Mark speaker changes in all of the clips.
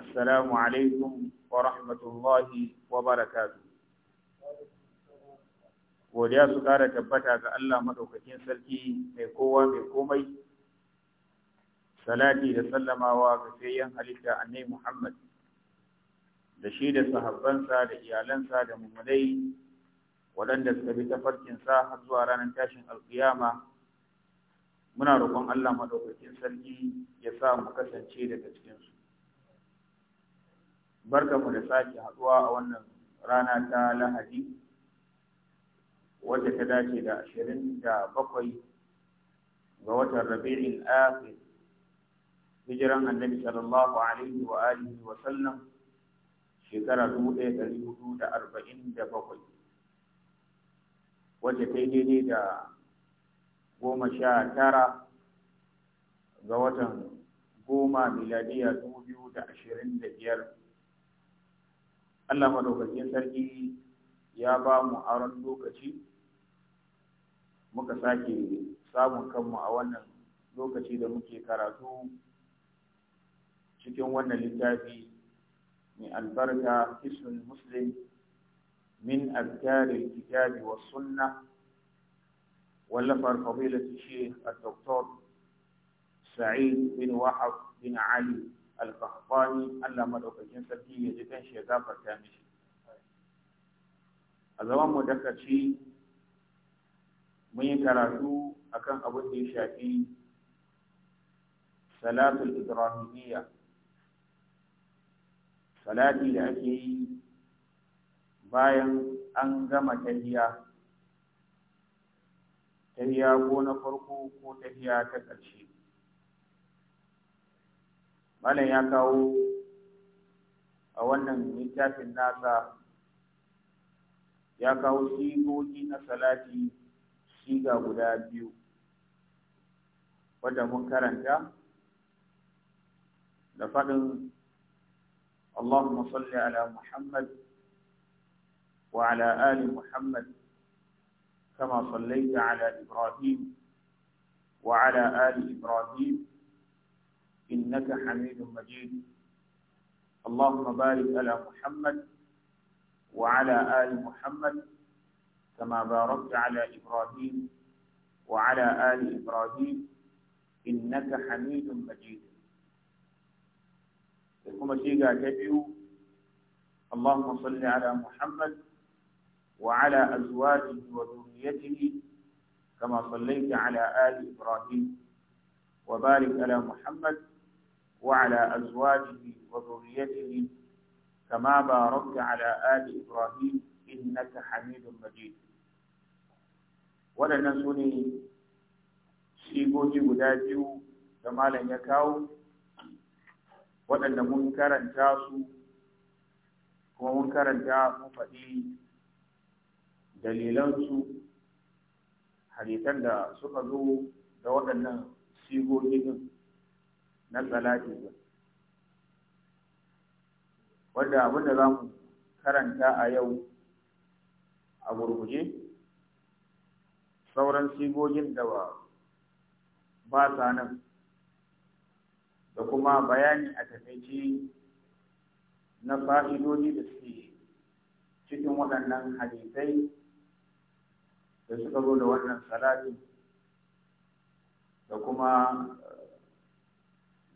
Speaker 1: السلام عليكم ورحمة الله وبركاته godiya su ƙara tabbata ga Allah maɗaukakin sarki mai kowa mai komai salati da sallamawa ga sayan halitta annai Muhammad da shi da sahabbansa da iyalansa da mummunai waɗanda suka bi tafarkinsa har zuwa ranar tashin alƙiyama muna roƙon Allah maɗaukakin sarki ya sa mu kasance daga cikinsu mu da sake haduwa a wannan rana ta lahadi wadda ta dace da ashirin da bakwai ga watan rabi'in akhir hijiran annabi sallallahu alaihi wa alihi wa sallam shekara dubu ɗaya hudu da arba'in da bakwai wadda ta yi daidai da goma sha tara ga watan goma miladiya dubu biyu da ashirin da Allah madaukakin sarki ya ba mu aron lokaci muka sake samun kanmu a wannan lokaci da muke karatu cikin wannan littafi mai albarka kisun muslim min azkaril kitabi was sunnah ولفر shi a doktor Sa'id, Bin Wahab, bin ali al Allah madaukakin sarki ya ji kan shi ya gafarta mishi a zaman mu dakaci mun yi karatu akan abin da ya shafi salatul ibrahimiyya salati da ake yi bayan an gama tahiya tahiya ko na farko ko tahiya ta ƙarshe malam ya kawo a wannan littafin nasa ya kawo sigogi na salati shiga guda biyu wadda mun karanta da faɗin اللهم صل على محمد وعلى آل محمد كما صليت على إبراهيم وعلى آل إبراهيم إنك حميد مجيد اللهم بارك على محمد وعلى آل محمد كما باركت على إبراهيم وعلى آل إبراهيم إنك حميد مجيد كما شيغا تبيو اللهم صل على محمد وعلى أزواجه وذريته كما صليت على آل إبراهيم وبارك على محمد وعلى أزواجه وذريته كما باركت على آل إبراهيم إنك حميد مجيد waɗannan su ne guda biyu da malam ya kawo waɗanda mun kuma mun karanta mun faɗi dalilansu hadisan da suka zo da waɗannan sigogi din na salati wanda abin da za mu karanta a yau a gurguje sauran sigogin da ba sa nan da kuma bayani a takaice na fa'idoji da suke cikin waɗannan hadisai da suka zo da wannan salatin da kuma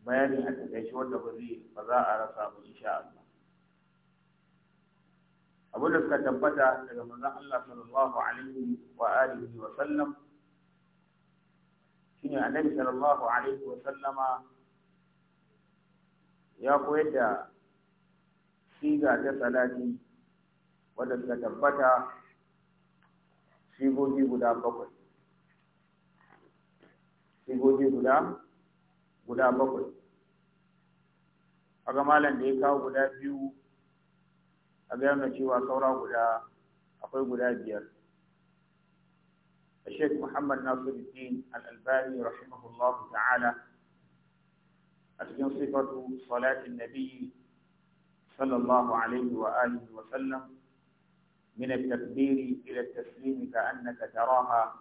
Speaker 1: bayani a takaice wanda ba zai ba za a rasa ba insha Allah abin da suka tabbata daga manzon Allah sallallahu alaihi wa alihi wa sallam shine annabi sallallahu alaihi wa sallama ya koyar da siga ta salati wadda suka tabbata sigogi guda bakwai sigogi guda guda bakwai a malam da ya kawo guda biyu a gano cewa saura guda akwai guda biyar الشيخ محمد ناصر الدين الألباني رحمه الله تعالى أتجن صفة صلاة النبي صلى الله عليه وآله وسلم من التكبير إلى التسليم كأنك تراها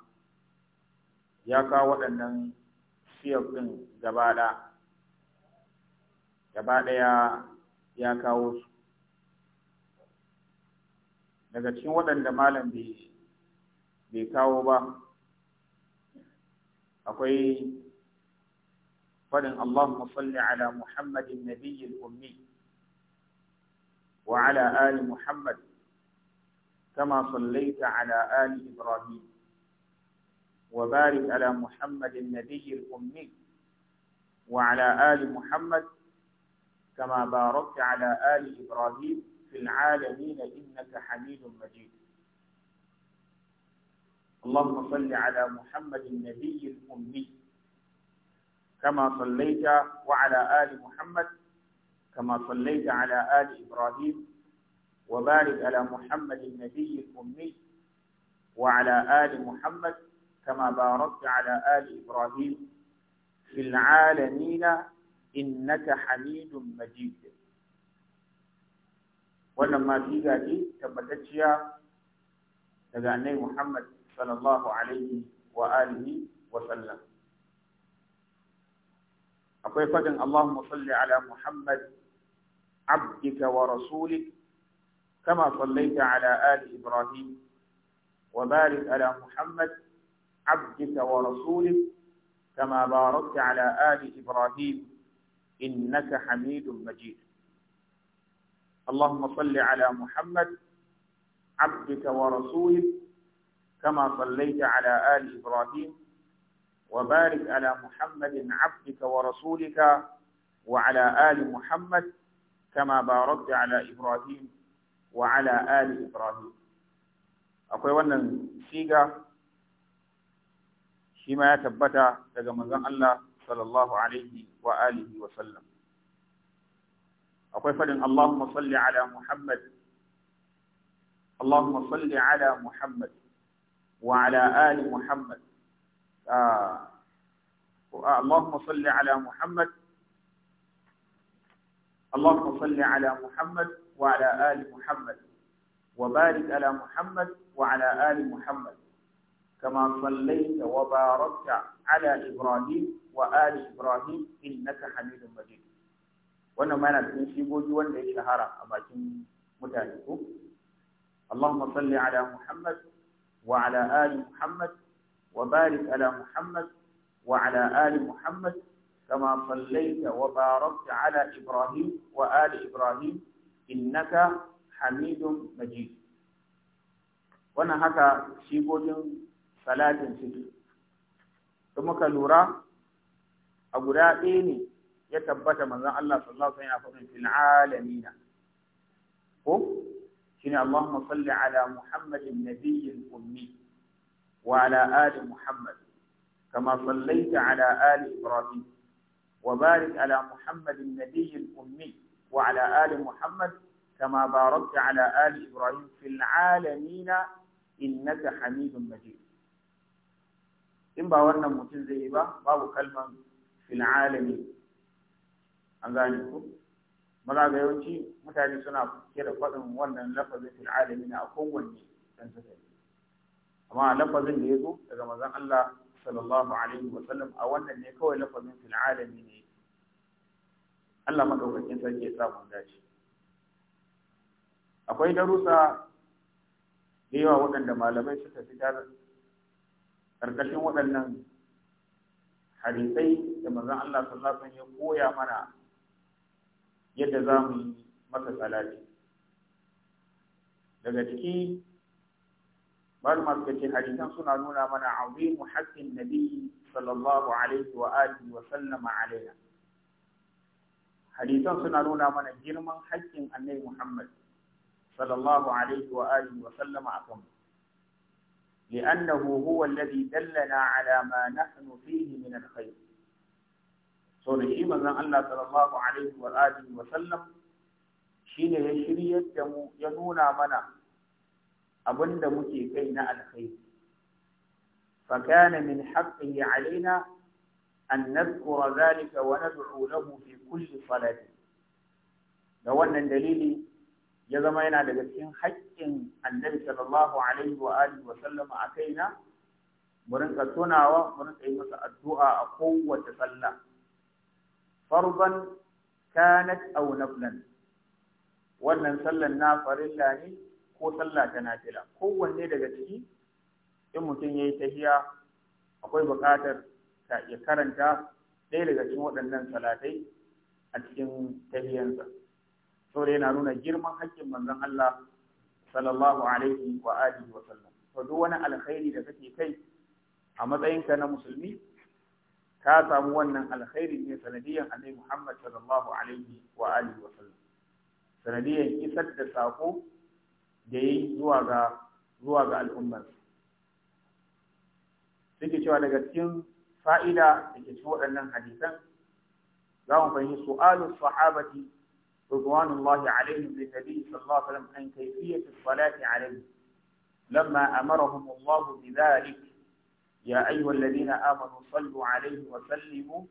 Speaker 1: يا كاوة أن siyar ɗin gabaɗaya ɗaya ya kawo su daga cikin waɗanda malam bai kawo ba akwai faɗin Allahumma salli ala Muhammadin nabiyil ummi
Speaker 2: wa ala ali
Speaker 1: Muhammad kama sallaita ala ali Ibrahim وبارك على محمد النبي الأمي وعلى آل محمد كما باركت على آل إبراهيم في العالمين إنك حميد مجيد اللهم صل على محمد النبي الأمي
Speaker 2: كما صليت
Speaker 1: وعلى آل محمد كما صليت على آل إبراهيم وبارك على محمد النبي الأمي وعلى آل محمد كما باركت على آل إبراهيم في العالمين إنك حميد مجيد ولما في فيها دي تبتتشيا تغاني محمد صلى الله عليه وآله وسلم أقول فجن اللهم صل على محمد عبدك ورسولك كما صليت على آل إبراهيم وبارك على محمد عبدك ورسولك كما باركت على آل إبراهيم إنك حميد مجيد اللهم صل على محمد عبدك ورسولك كما صليت على آل إبراهيم وبارك على محمد عبدك ورسولك وعلى آل محمد كما باركت على إبراهيم وعلى آل إبراهيم أقول أن siga شما يتبتع لغمزان الله صلى الله عليه وآله وسلم أقول فلن اللهم صل على محمد اللهم صل على محمد وعلى آل محمد آه. اللهم صل على محمد
Speaker 2: اللهم صل على
Speaker 1: محمد وعلى آل محمد وبارك على محمد وعلى آل محمد كما صليت وباركت على إبراهيم وآل إبراهيم إنك حميد مجيد wannan ma yana cikin shigogi wanda ya shahara a bakin mutane ko Allahumma salli ala Muhammad wa ala ali Muhammad wa barik ala Muhammad wa ala ali Muhammad kama sallaita wa barakta ala Ibrahim wa ali Ibrahim innaka Hamidum Majid wannan haka shigogin salatin ciki in muka lura a guda ɗaya ne ya tabbata manzon Allah sallallahu alaihi wasallam fil alamin ko shine Allahumma salli ala Muhammadin nabiyyin ummi wa ala ali Muhammad kama sallaita ala ali Ibrahim wa barik ala Muhammadin nabiyyin ummi wa ala ali Muhammad كما باركت على آل إبراهيم في العالمين إنك حميد مجيد in ba wannan mutum zai yi ba babu kalman fil an gane ku maza yawanci mutane suna kira faɗin wannan lafazin fil na a kowanne dan suka amma lafazin da ya zo daga manzon Allah sallallahu alaihi wa sallam a wannan ne kawai lafazin fil ne Allah madaukakin sarki ya sa mun dace akwai darusa da yawa waɗanda malamai suka fitar karkashin waɗannan hadisai da manzon Allah sallallahu alaihi wasallam ya koya mana yadda za mu yi masa salati daga ciki malama masu ce hadisan suna nuna mana azimu haƙƙin nabi sallallahu alaihi wa alihi wa sallama alaina hadisan suna nuna mana girman haƙƙin annabi Muhammad sallallahu alaihi wa alihi wa sallama akan mu لأنه هو الذي دلنا على ما نحن فيه من الخير سوري من الله صلى الله عليه wa وسلم shine ya shiryar da mu ya nuna mana abinda muke kai na alkhairi fakana min haqqihi alaina an nadhkura dhalika wa nad'u lahu fi kulli salati da wannan dalili ya zama yana daga cikin haƙƙin annabi sallallahu alaihi wa alihi wa Sallama, a kaina mu rinka tunawa mu rinka yi masa addu'a a kowace sallah farban kanat aw naflan wannan sallan na farilla ne ko sallah ta nafila kowanne daga ciki in mutum yayi tahiya akwai buƙatar ya karanta ɗaya daga cikin waɗannan salatai a cikin tahiyansa. saboda yana nuna girman haƙƙin manzon Allah sallallahu alaihi wa alihi wa sallam to duk wani alkhairi da kake kai a matsayinka na musulmi ka samu wannan alkhairi ne sanadiyan annabi Muhammad sallallahu alaihi wa alihi wa sallam sanadiyan isar da sako da yayi zuwa ga zuwa ga al'ummar suke cewa daga cikin fa'ida da ke cikin waɗannan hadisan za mu fahimci su'alu sahabati رضوان الله عليهم للنبي صلى الله عليه وسلم عن كيفية الصلاة عليه لما أمرهم الله بذلك يا أيها الذين آمنوا صلوا عليه وسلموا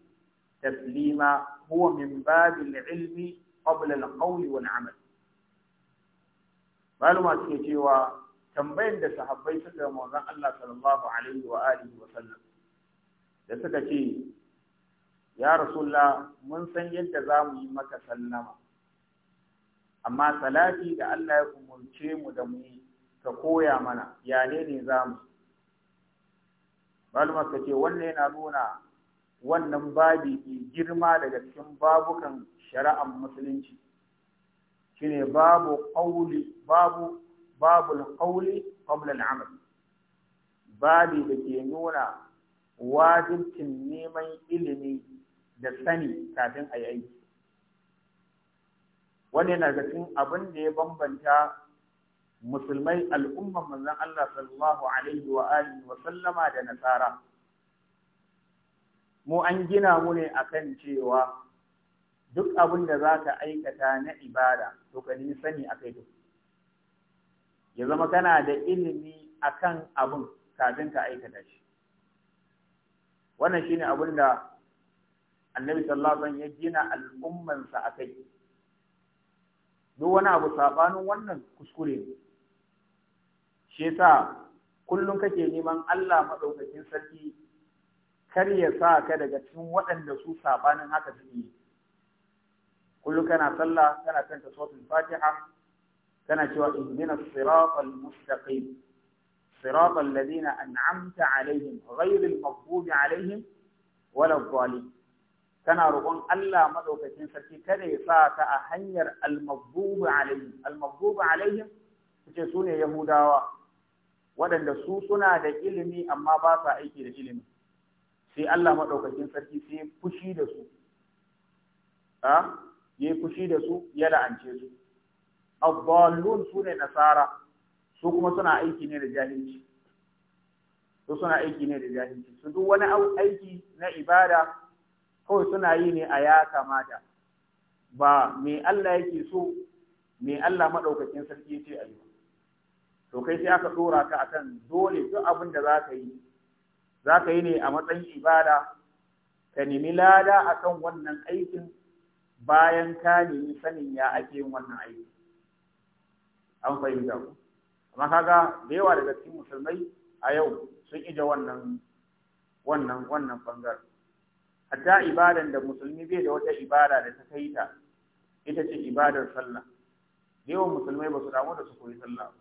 Speaker 1: تسليما هو من باب العلم قبل القول والعمل
Speaker 2: معلومات كتيرة
Speaker 1: tambayin da sahabbai سلم الله صلى الله عليه وآله وسلم alihi يا رسول الله من سنجد زامي مكة سلمه amma salati da Allah ya umurce mu da mu ta koya mana ya ne ne za mu malama ka ce wannan yana nuna wannan babi ke girma daga cikin babukan shari'ar musulunci shine babu qauli babu babul qauli qabla al-amal babi da ke nuna wajibcin neman ilimi da sani kafin a yi aiki Wani na ga cikin abin da ya bambanta musulmai al'ummar manzon Allah sallallahu alaihi wa alihi wa sallama da nasara mu an gina mu ne akan cewa duk abin da zaka aikata na ibada to ka sani akai duk ya zama kana da ilimi akan abin kafin ka aikata shi wannan shine abin da annabi sallallahu alaihi wa sallam ya gina al'ummansa akai duk wani abu saɓanin wannan kuskure ne shi yasa kullum kake neman Allah maɗaukakin sarki kar ya sa ka daga cikin waɗanda su saɓanin haka suke yi kullum kana sallah kana kanta suratul fatiha kana cewa ihdina siratal mustaqim siratal ladina an'amta alaihim ghayril maghdubi alaihim wala dhalin Tana roƙon Allah madaukakin sarki kada ya sa ta a hanyar almagdubu alaihim almagdubu alaihim suke su ne yahudawa waɗanda su suna da ilimi amma ba sa aiki da ilimi sai Allah madaukakin sarki sai ya fushi da su Ha? ya fushi da su ya la'ance su abdallun su ne nasara su kuma suna aiki ne da jahilci su suna aiki ne da jahilci su duk wani aiki na ibada kawai suna yi ne a ya kamata ba me Allah yake so me Allah maɗaukakin sarki ce a yi to kai sai aka dora ka akan dole duk abin da za ka yi za ka yi ne a matsayin ibada ka nemi lada akan wannan aikin bayan ka nemi sanin ya ake yin wannan aiki an fahimta ku amma kaga da yawa daga cikin musulmai a yau sun ije wannan wannan wannan bangaren hatta ibadan da musulmi bai da wata ibada da ta kai ta ita ce ibadar sallah da yawan musulmai ba su damu da su koyi sallah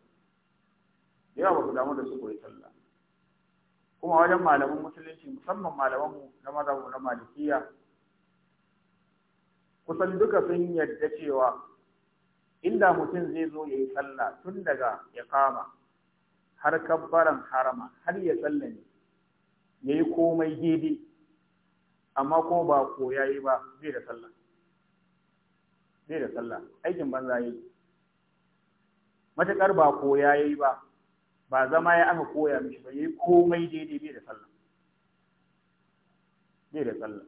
Speaker 1: yawa ba su damu da su koyi sallah kuma wajen malaman musulunci musamman mu na mazhabu na malikiya kusan duka sun yadda cewa inda mutum zai zo ya yi sallah tun daga ya kama har kabbaran harama har ya sallame ya yi komai daidai amma ko ba ya yi ba zai da sallah zai da sallah aikin banza yi matakar ba ya yi ba ba zama ya aka koya mishi ba yayi komai daidai bai da sallah zai da sallah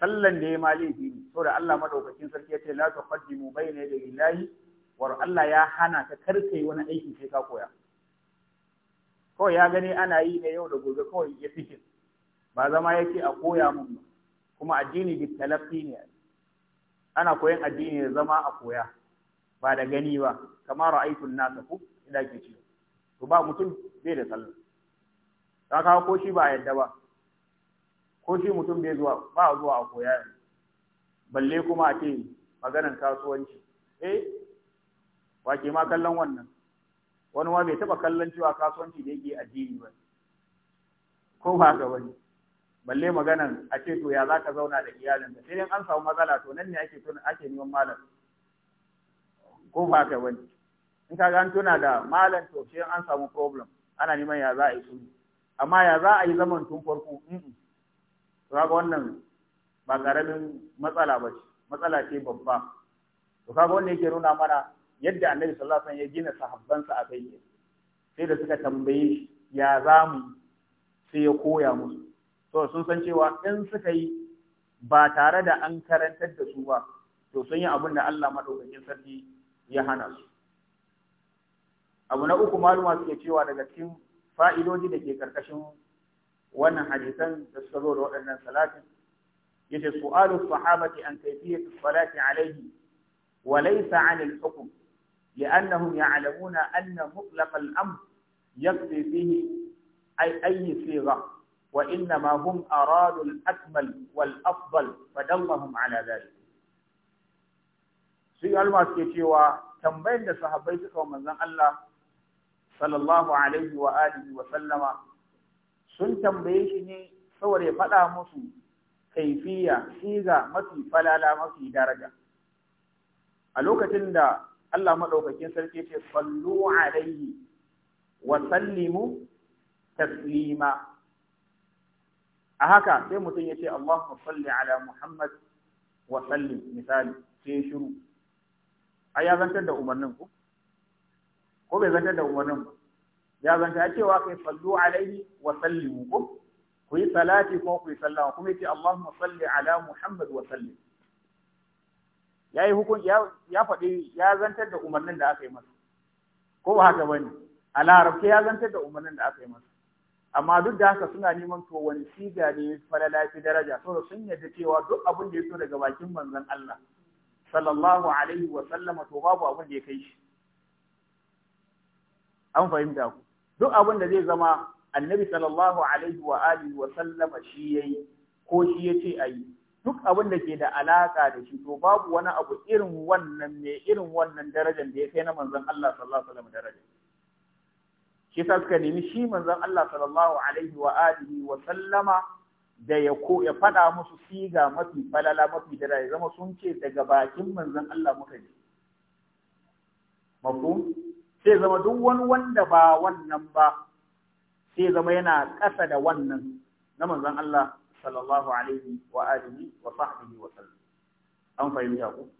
Speaker 1: sallan da ya ma laifi ne saboda Allah madaukakin sarki ya ce la tuqaddimu bayna yaday illahi wa Allah ya hana ka karkai wani aiki sai ka koya kawai ya gani ana yi ne yau da gobe kawai ya fikin ba zama yake a koya mun ba kuma addini bi talaffi ne ana koyan addini da zama a koya ba da gani ba kamar an nasa ku ina ke ci to ba mutum bai da sallah ta kawo ko shi ba yadda ba ko shi mutum bai zuwa ba zuwa a koya balle kuma a ce maganan kasuwanci eh wa ke ma kallon wannan wani ma bai taba kallon cewa kasuwanci da yake addini ba ko ba ga wani balle maganan a ce to ya zaka zauna da iyalinka sai an samu matsala to nan ne ake tuna ake neman malam ko ba ka wani in ka ga tuna da malam to sai an samu problem ana neman ya za a yi sulhu amma ya za a yi zaman tun farko to kaga wannan ba karamin matsala ba ce matsala ce babba to kaga wannan yake nuna mana yadda annabi sallallahu alaihi wasallam ya gina sahabbansa a kai sai da suka tambaye shi ya za mu sai ya koya musu to sun san cewa in suka yi ba tare da an karantar da su ba to sun yi abin da Allah madaukakin sarki ya hana su abu na uku maluma suke cewa daga cikin fa'idoji da ke karkashin wannan hadisan da suka zo da waɗannan salatin yace su'alu sahabati an kayfiyat salati alayhi wa laysa 'an al-hukm li'annahum ya'lamuna anna mutlaq al-amr yaqdi fihi ay ayyi sigha وإنما هم أرادوا الأكمل والأفضل فدلهم على ذلك
Speaker 2: sai alma ke
Speaker 1: cewa tambayar da sahabbai suka manzon Allah sallallahu alaihi wa alihi wa sallama sun tambaye shi ne saboda ya faɗa musu kaifiya siga mafi falala mafi daraja a lokacin da Allah madaukakin sarki ce sallu alaihi wa sallimu taslima a haka sai mutum ya ce Allahumma salli ala Muhammad wa salli misali sai shiru ai ya zantar da umarnin ku ko bai zantar da umarnin ba ya zanta cewa kai sallu alaihi wa sallimu ku ku yi salati ko ku yi sallama kuma yace Allahumma salli ala Muhammad wa sallim yayi hukun ya ya faɗi ya zantar da umarnin da aka yi masa ko ba haka bane a larabce ya zantar da umarnin da aka yi masa amma duk da haka suna neman to wani siga ne falala fi daraja saboda sun yadda cewa duk abin da ya so daga bakin manzon Allah sallallahu alaihi wa sallama to babu abin da ya kai shi an fahimta ku duk abin da zai zama annabi sallallahu alaihi wa alihi wa sallama shi yayi ko shi ya yace ayi duk abin da ke da alaka da shi to babu wani abu irin wannan ne irin wannan darajar da ya kai na manzon Allah sallallahu alaihi wa sallam darajar shi sa suka nemi shi manzon Allah sallallahu alaihi wa alihi wa sallama da ya ko ya faɗa musu siga mafi falala mafi dara ya zama sun ce daga bakin manzon Allah muka ji mafhum sai zama duk wani wanda ba wannan ba sai zama yana ƙasa da wannan na manzon Allah sallallahu alaihi wa alihi wa sahbihi wa sallam an fahimta ku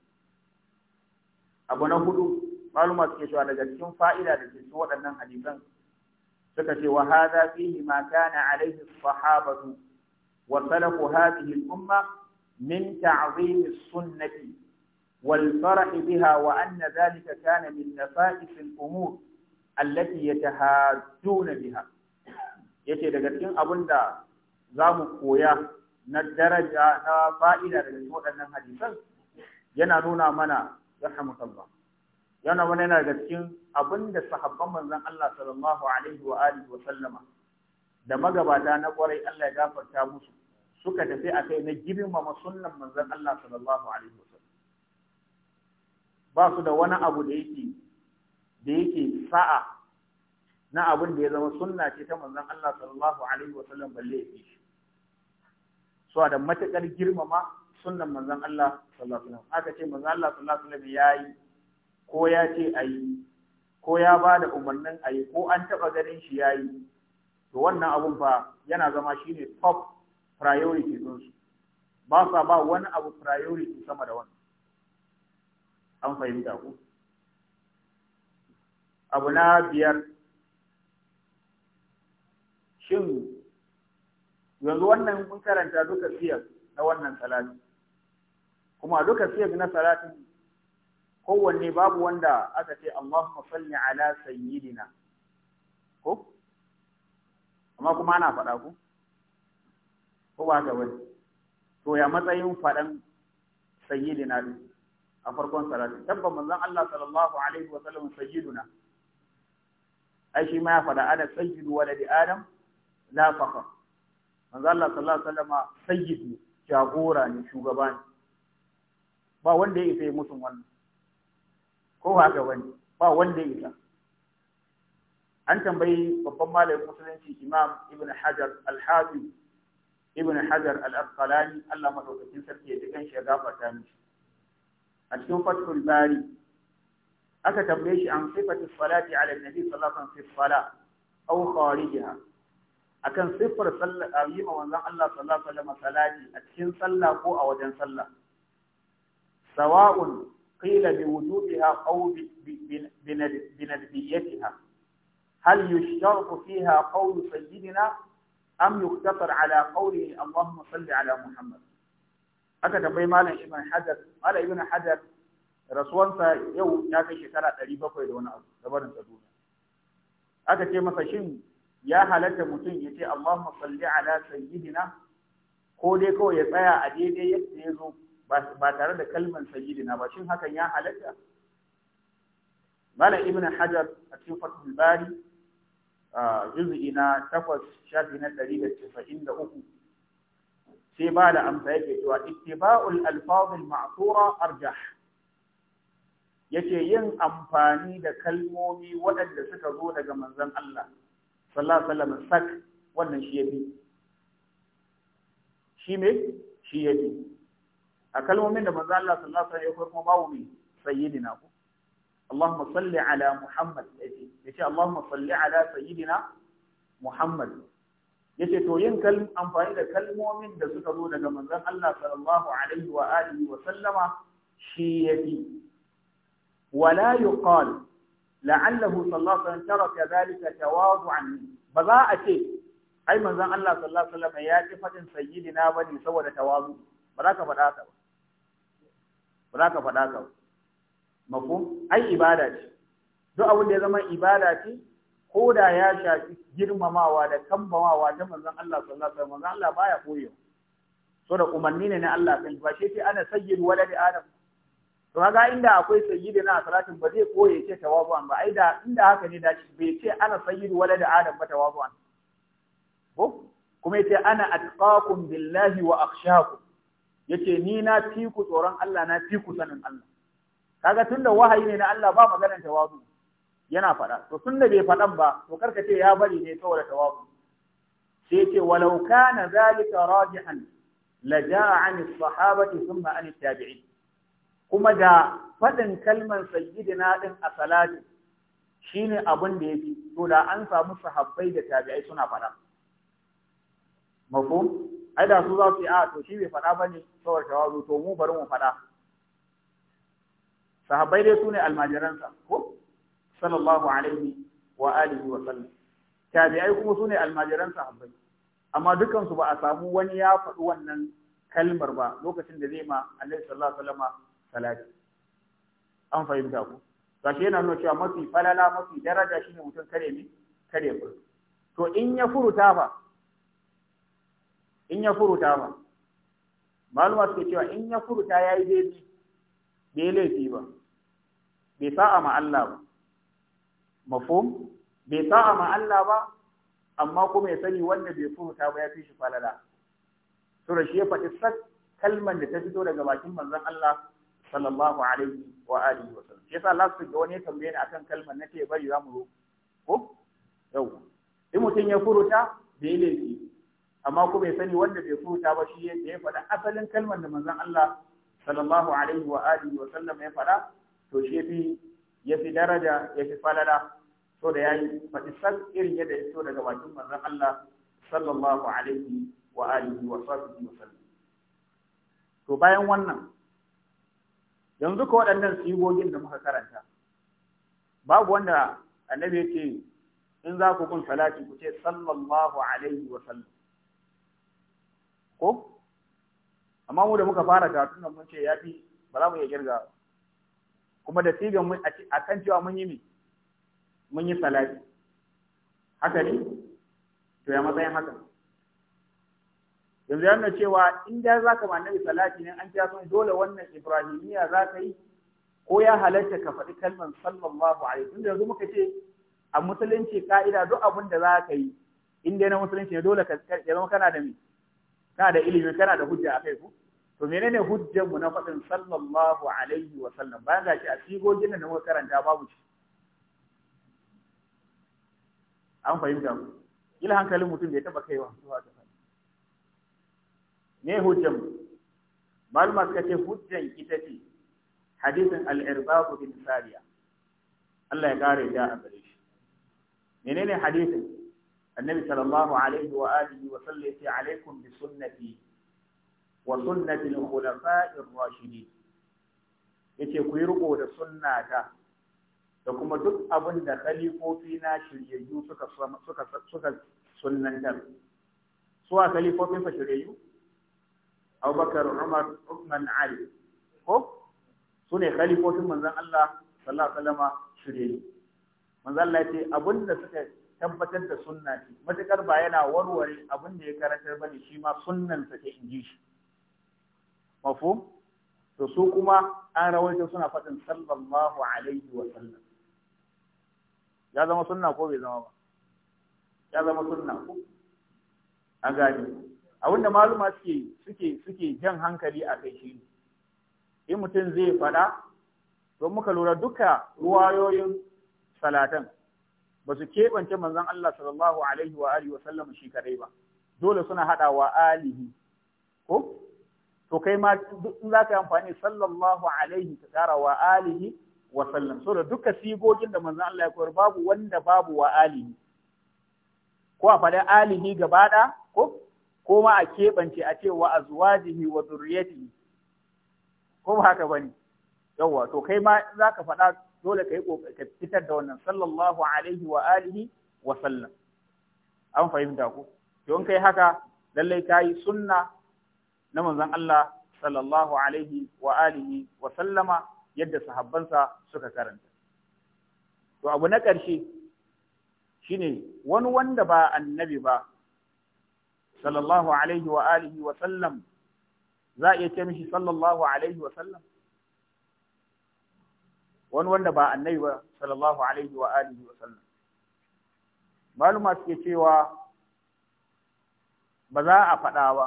Speaker 1: abu na hudu maluma suke cewa daga cikin fa'ida da cikin waɗannan hadisan suka ce wa hadha fihi ma kana alaihi sahabatu wa salafu hadhihi al-umma min ta'zim as-sunnati wal farah biha wa anna dhalika kana min nafa'is al-umur allati yatahadduna biha yace daga cikin abinda zamu koya na daraja na fa'ida daga waɗannan hadisan yana nuna mana rahmatullah yana wani yana daga cikin abin da sahabban manzon Allah sallallahu alaihi wa alihi wa sallama da magabata na kwarai Allah ya gafarta musu suka tafi a kai na girmama sunan manzon Allah sallallahu alaihi wa sallam ba su da wani abu da yake da yake sa'a na abin da ya zama sunna ce ta manzon Allah sallallahu alaihi wa sallam balle ya fi so da matakar girmama sunnan manzon Allah sallallahu alaihi wa sallam aka ce manzon Allah sallallahu alaihi wa sallam yayi ko ya ce a yi ko ya ba da umarnin a yi ko an taɓa ganin shi ya yi to wannan abun fa yana zama shi ne top priority su, ba sa ba wani abu priority sama da wannan an fahimta ku abu na biyar shin yanzu wannan mun karanta duka siyar na wannan salati kuma duka siyar na salatin kowanne babu wanda aka ce Allahumma salli ala sayyidina ko amma kuma ana faɗa ku ko ba ga wani to ya matsayin faɗan sayyidina din a farkon salati tabban manzon Allah sallallahu alaihi wa sallam sayyiduna ai shi ma ya faɗa ana sayyidu waladi adam la faqa manzon Allah sallallahu alaihi wa sallama sayyidu jagora ne shugaba ba wanda ya isa musun wannan ko haka wani ba wanda ya an tambayi babban malamin musulunci imam ibn hajar al-hafiz ibn hajar al-asqalani Allah madaukakin sarki ya dukan shi ya gafarta mishi a cikin fatul bari aka tambaye shi an sifati salati ala nabi sallallahu alaihi wasallam fi sala aw kharijaha akan sifar sallah yi ma manzon Allah sallallahu alaihi wasallam salati a cikin sallah ko a wajen sallah sawa'un قيل بوجوبها أو بندبيتها هل يشترط فيها قول سيدنا أم يقتصر على قوله اللهم صل على محمد aka tambayi malam ibn hajar malam ibn hajar rasuwansa yau ya kai shekara ɗari bakwai da wani abu da barin sa duniya aka ce masa shin ya halatta mutum ya ce allahumma salli ala sayyidina ko dai kawai ya tsaya a daidai yadda ya zo ba tare da kalmar sayyidina ba shin hakan ya halatta mala ibn hajar a cikin fathul bari juz'i na 8 shafi na 193 sai ba da amsa yake cewa ittiba'ul alfazil ma'thura arjah yace yin amfani da kalmomi waɗanda suka zo daga manzon Allah sallallahu alaihi wasallam sak wannan shi yafi shi me shi yafi a kalmomin da manzo Allah sallallahu alaihi wasallam ya koyar kuma babu mai sayyidina ku Allahumma salli ala Muhammad yace Allahumma salli ala sayyidina Muhammad yace to yin amfani da kalmomin da suka zo daga manzon Allah sallallahu alaihi wa alihi wa sallama shi yafi wala yuqal la'allahu sallallahu alaihi taraka dhalika tawadu'an ba za a ce ai manzon Allah sallallahu alaihi wasallam ya ki fadin sayyidina bane saboda tawazu ba za ka faɗa haka ba ba za ka faɗa ka mako ai ibada ce duk abin da ya zama ibada ce ko da ya shafi girmamawa da kambamawa ta manzon Allah sallallahu alaihi wasallam Allah baya koyo so da umarni ne na Allah kan ba shi sai ana sayyidu walad adam to kaga inda akwai sayyidu na salatin ba zai koye ce tawabu'an ba ai da inda haka ne da bai ce ana sayyidu da adam ba tawabu'an ko kuma yace ana atqakum billahi wa akhshakum yace ni na fi ku tsoron Allah na fi ku sanin Allah kaga tunda wahayi ne na Allah ba maganar tawazu yana faɗa to tunda bai faɗan ba to karka ce ya bari ne saboda tawazu sai yace walau kana zalika rajihan la jaa an sahabati thumma an kuma da faɗin kalman sayyidina din a shine abin da yake to da an samu sahabbai da tabi'ai suna faɗa mafhum ai da su za su yi a ah, to shi bai faɗa bane saboda tawazu to mu bari mu faɗa sahabbai dai sune almajiransa ko sallallahu alaihi wa alihi wa sallam tabi'ai kuma sune almajiran sahabbai amma dukan su ba a samu wani ya faɗi wannan kalmar ba lokacin da zai ma Annabi sallallahu alaihi wa sallam salati an fahimta ku gashi yana nuna cewa mafi falala mafi daraja shine mutum kare ne kare ku to in ya furuta ba in ya furuta ba maluma suke cewa in ya furuta ya yi daidai bai laifi ba bai sa'a ma Allah ba mafhum bai sa'a ma Allah ba amma kuma ya sani wanda bai furuta ba ya fi shi falala sura shi ya faɗi sak kalman da ta fito daga bakin manzon Allah sallallahu alaihi wa alihi wa sallam yasa Allah su ga wani ya tambaye ni akan kalmar nake bari za mu ko yau in mutum ya furuta bai laifi amma kuma bai sani wanda bai furta ba shi ya faɗa asalin kalmar da manzon Allah sallallahu alaihi wa alihi wa sallam ya faɗa to shi yafi yafi daraja yafi falala to da yayi faɗi sal irin yadda ya fito daga bakin manzon Allah sallallahu alaihi wa alihi wa sallam to bayan wannan yanzu ko waɗannan sigogin da muka karanta babu wanda annabi ya ce in za ku kun salati ku ce sallallahu alaihi wa sallam ko amma mu da muka fara karatu nan mun ce ya fi ba za mu iya girga kuma da sigan mun a kan cewa mun yi mi mun yi salati haka ne to ya matsayin haka yanzu yana cewa in da za ka annabi salati ne an kira sun dole wannan ibrahimiya za ka yi ko ya halatta ka faɗi kalmar sallallahu alaihi da yanzu muka ce a musulunci ka'ida duk abin da za ka yi in dai na musulunci ne dole ka zama kana da mai kana da ilimi kana da hujja akai ku to menene hujjar mu na faɗin sallallahu alaihi wa sallam bayan shi a sigogin da muka karanta babu shi an fahimta ku ila hankalin mutum bai taba kaiwa zuwa ta faɗi me hujjar mu malama suka ce hujjar ita ce hadisin al-irbab bin sariya Allah ya kare da a gare shi menene hadisin annabi sallallahu alaihi wa alihi wa sallam yace alaikum bi sunnati wa sunnati al-khulafa'i ar-rashidin yace ku yi riko da sunnata da kuma duk abin da khalifofi na shiryayyu suka suka suka sunnantar su a khalifofin sa shiryayyu Abubakar Umar Uthman Ali ko sune khalifofin manzon Allah sallallahu alaihi wasallama shiryayyu manzon Allah yace abin da suka tabbatar da sunna ce matukar ba yana warware abin da ya karantar bane shi ma sunnan sa ce in ji shi mafhum to su kuma an rawaita suna faɗin sallallahu alaihi wa sallam ya zama sunna ko bai zama ba ya zama sunna ko an gani abinda maluma suke suke suke jan hankali a kai shi in mutum zai faɗa don muka lura duka ruwayoyin salatan ba su keɓance manzon Allah sallallahu alaihi wa alihi wa sallam shi kadai ba dole suna hada wa alihi ko to kai ma in za ka yi amfani sallallahu alaihi ta kara wa alihi wa sallam so da duka sigogin da manzon Allah ya koyar babu wanda babu wa alihi ko a faɗi alihi gaba ɗaya ko ko ma a keɓance a ce wa azwajihi wa zurriyatihi ko ba haka bane yawwa to kai ma za ka faɗa dole ka yi ka fitar da wannan sallallahu alaihi wa alihi wa sallam an fahimta ku to in kai haka lallai ka yi sunna na manzon Allah sallallahu alaihi wa alihi wa sallama yadda sahabbansa suka karanta to abu na ƙarshe shine wani wanda ba annabi ba sallallahu alaihi wa alihi wa sallam za a iya ce mishi sallallahu alaihi wa sallam wani wanda ba annabi ba sallallahu alaihi wa alihi wa sallam maluma suke cewa ba za a faɗa ba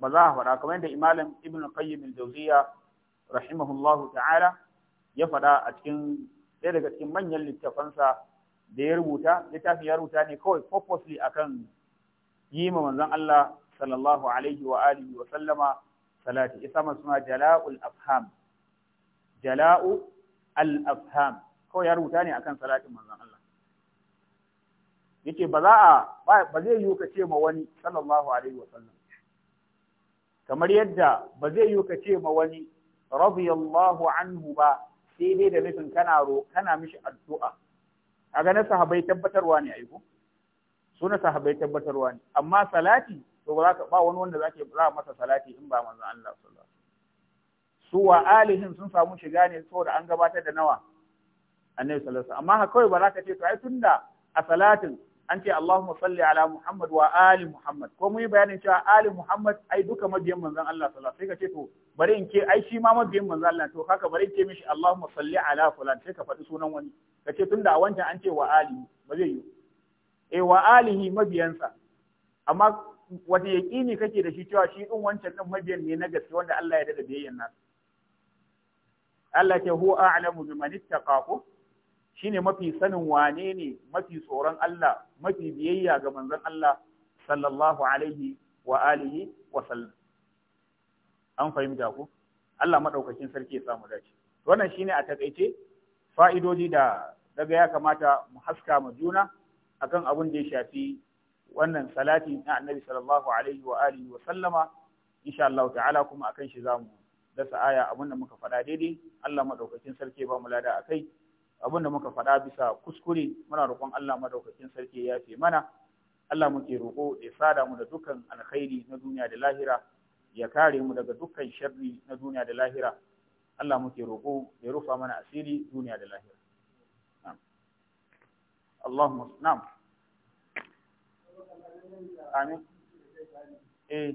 Speaker 1: ba za a faɗa kamar yadda imalam ibn qayyim al-jawziya rahimahullahu ta'ala ya faɗa a cikin ɗaya daga cikin manyan littafansa da ya rubuta littafin ya rubuta ne kawai purposely akan yi ma manzon Allah sallallahu alaihi wa alihi wa sallama salati isa suna jala'ul afham jala'u al kawai ya rubuta ne akan salatin manzan Allah yake ba za a ba zai yi ka ce ma wani sallallahu alaihi wasallam kamar yadda ba zai yi ka ce ma wani radiyallahu anhu ba sai dai da nufin kana ro kana mishi addu'a A ganin sahabai tabbatarwa ne aiko Suna sahabai tabbatarwa ne amma salati to ba wani wanda zake za masa salati in ba manzon Allah sallallahu su wa alihin sun samu shiga ne saboda an gabatar da nawa annabi sallallahu Amma wasallam kawai ba za ka ce to ai tunda a salatin an ce Allahumma salli ala Muhammad wa ali Muhammad ko mun yi bayanin cewa ali Muhammad ai duka mabiyan manzon Allah sallallahu alaihi wasallam sai ka ce to bari in ke ai shi ma mabiyan manzon Allah to haka bari in ce mishi Allahumma salli ala fulan sai ka faɗi sunan wani ka ce tunda a wancan an ce wa ali ba zai yi eh wa alihi mabiyansa amma wata yaƙini kake da shi cewa shi din wancan din mabiyan ne na gaske wanda Allah ya dada biyayyan nasa Allah ta huwa a'lamu biman ittaqa ko shine mafi sanin wane ne mafi tsoron Allah mafi biyayya ga manzon Allah sallallahu alaihi wa alihi wa sallam an fahimta ku? Allah madaukakin sarki ya samu dace wannan shine a takaice fa'idoji da daga ya kamata mu haska mu juna akan abin da ya shafi wannan salati na annabi sallallahu alaihi wa alihi wa sallama insha Allah ta'ala kuma akan shi zamu dasa aya abinda muka faɗa daidai Allah madaukakin sarki ba mu lada akai abinda muka faɗa bisa kuskure muna roƙon Allah madaukakin sarki ya fi mana Allah muke roƙo ya sada mu da dukkan alkhairi na duniya da lahira ya kare mu daga dukkan sharri na duniya da lahira Allah muke roƙo ya rufa mana asiri duniya da lahira Allahumma na'am amin eh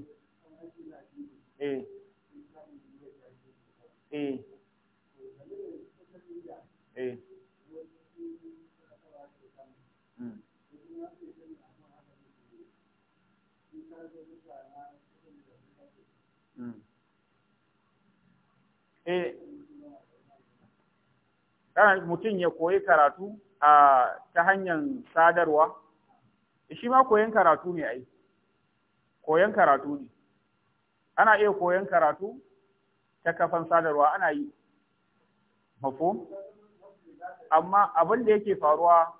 Speaker 1: eh eh eh hmm. Hmm. Eh, mutum ya koyi karatu a ta hanyar sadarwa, eh, shi ma koyon karatu ne ai, koyon karatu ne. Ana iya koyon karatu ta kafan sadarwa ana yi mafu. amma abin da yake faruwa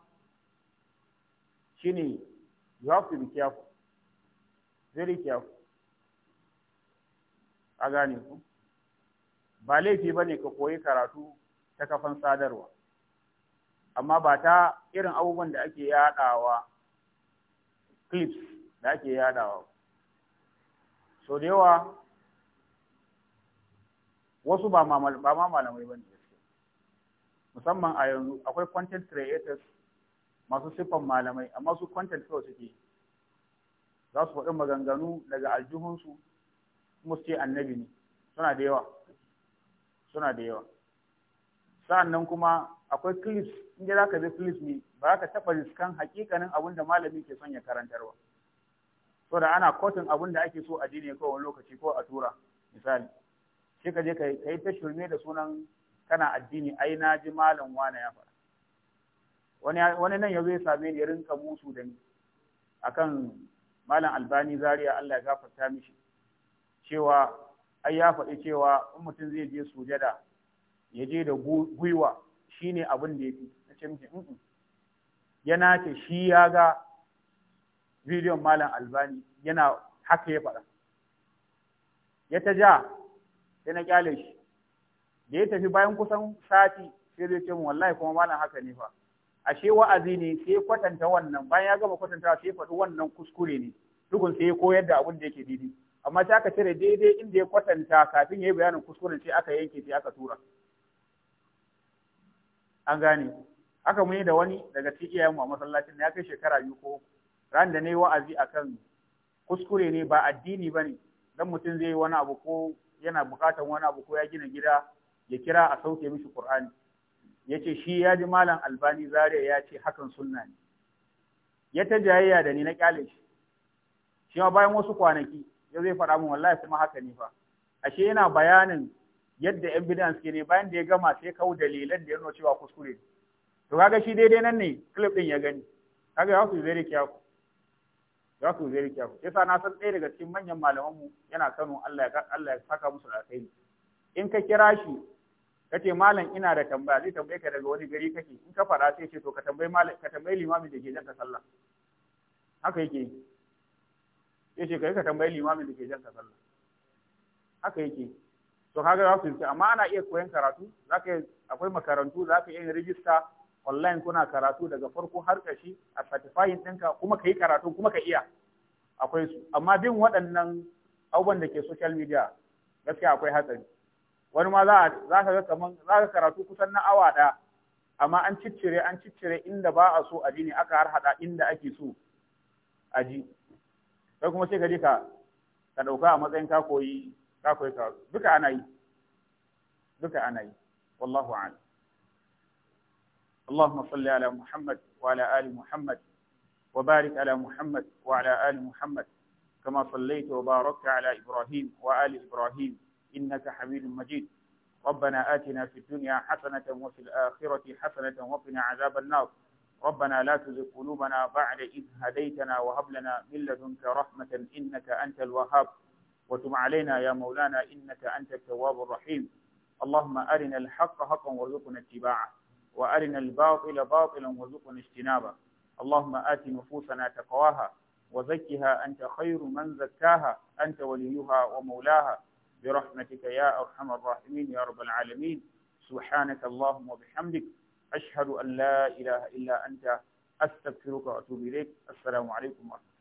Speaker 1: shine you have to be careful very careful a gane ku ba laifi ba ne ka koyi karatu ta kafan sadarwa amma ba ta irin abubuwan da ake yadawa clips da ake yadawa so da yawa wasu ba ma malamai ba ne musamman a yanzu akwai content creators masu siffan malamai amma su content kawai suke za su faɗi maganganu daga aljihunsu kuma su ce annabi ne suna da yawa suna da yawa nan kuma akwai clips in dai ka bi clips ne ba za ka taɓa riskan hakikanin abin da malami ke son ya karantarwa saboda ana kotun abin da ake so a ji kowane kawai lokaci ko a tura misali sai ka je ka yi ta shirme da sunan kana addini ai na ji malam wane ya faɗa wani nan ya ya same ni rinka musu da ni akan malam albani zaria Allah ya gafarta mishi cewa ai ya faɗi cewa in mutum zai je sujada ya je da gwiwa shine abin da fi na ce mishi yana ce shi ya ga bidiyon malam albani yana haka ya faɗa ya ta ja sai na kyale shi da ya tafi bayan kusan sati sai zai ce mu wallahi kuma malam haka ne fa ashe wa'azi ne sai kwatanta wannan bayan ya gama kwatantawa sai ya faɗi wannan kuskure ne dukun sai ya koyar da abin da yake daidai amma sai aka cire daidai inda ya kwatanta kafin ya yi bayanin kuskuren sai aka yanke sai aka tura an gane aka muni da wani daga cikin iyayenmu a masallacin ya kai shekara biyu ko ran da ne wa'azi akan kuskure ne ba addini bane dan mutum zai yi wani abu ko yana bukatan wani abu ko ya gina gida ya kira a sauke mishi Qur'ani yace shi ya ji malam Albani Zaria ya ce hakan sunna ne ya ta jayayya da ni na kyale shi shi ma bayan wasu kwanaki ya zai faɗa min wallahi kuma haka ne fa ashe yana bayanin yadda yan bid'an suke ne bayan da ya gama sai kawo dalilan da ya nuna cewa kuskure to kaga shi daidai nan ne clip din ya gani kaga ya ku rike ku za ku very careful yasa na san ɗaya daga cikin manyan malaman mu yana Kano Allah ya Allah ya saka musu kai. in ka kira shi kace malam ina da tambaya zai tambaye ka daga wani gari kake in ka fara sai ce to ka tambaye malam ka tambayi limamin da ke jan ka sallah haka yake yi ya ce kai ka tambayi limamin da ke jan ka sallah haka yake to kaga za ku yi amma ana iya koyon karatu zaka akwai makarantu zaka iya rijista online kuna karatu daga farko har ƙarshe a certifying ɗinka kuma ka yi karatu kuma ka iya akwai su amma bin waɗannan abubuwan da ke social media gaskiya akwai hatsari wani ma za ka ga kaman za ka karatu kusan na awa ɗaya amma an ciccire an ciccire inda ba a so a ji ne aka har haɗa inda ake so a ji sai kuma sai ka je ka ka ɗauka a matsayin ka koyi ka koyi duka ana yi duka ana yi wallahu a'lam اللهم صل على محمد وعلى آل محمد وبارك على محمد وعلى آل محمد كما صليت وباركت على إبراهيم وآل إبراهيم إنك حميد مجيد ربنا آتنا في الدنيا حسنة وفي الآخرة حسنة وقنا عذاب النار ربنا لا تزغ قلوبنا بعد إذ هديتنا وهب لنا من لدنك رحمة إنك أنت الوهاب وتم علينا يا مولانا إنك أنت التواب الرحيم اللهم أرنا الحق حقا وارزقنا اتباعه وأرنا الباطل باطلا وارزقنا اجتنابه اللهم آت نفوسنا تقواها وزكها أنت خير من زكاها أنت وليها ومولاها برحمتك يا أرحم الراحمين يا رب العالمين سبحانك اللهم وبحمدك أشهد أن لا إله إلا أنت أستغفرك وأتوب إليك السلام عليكم ورحمة الله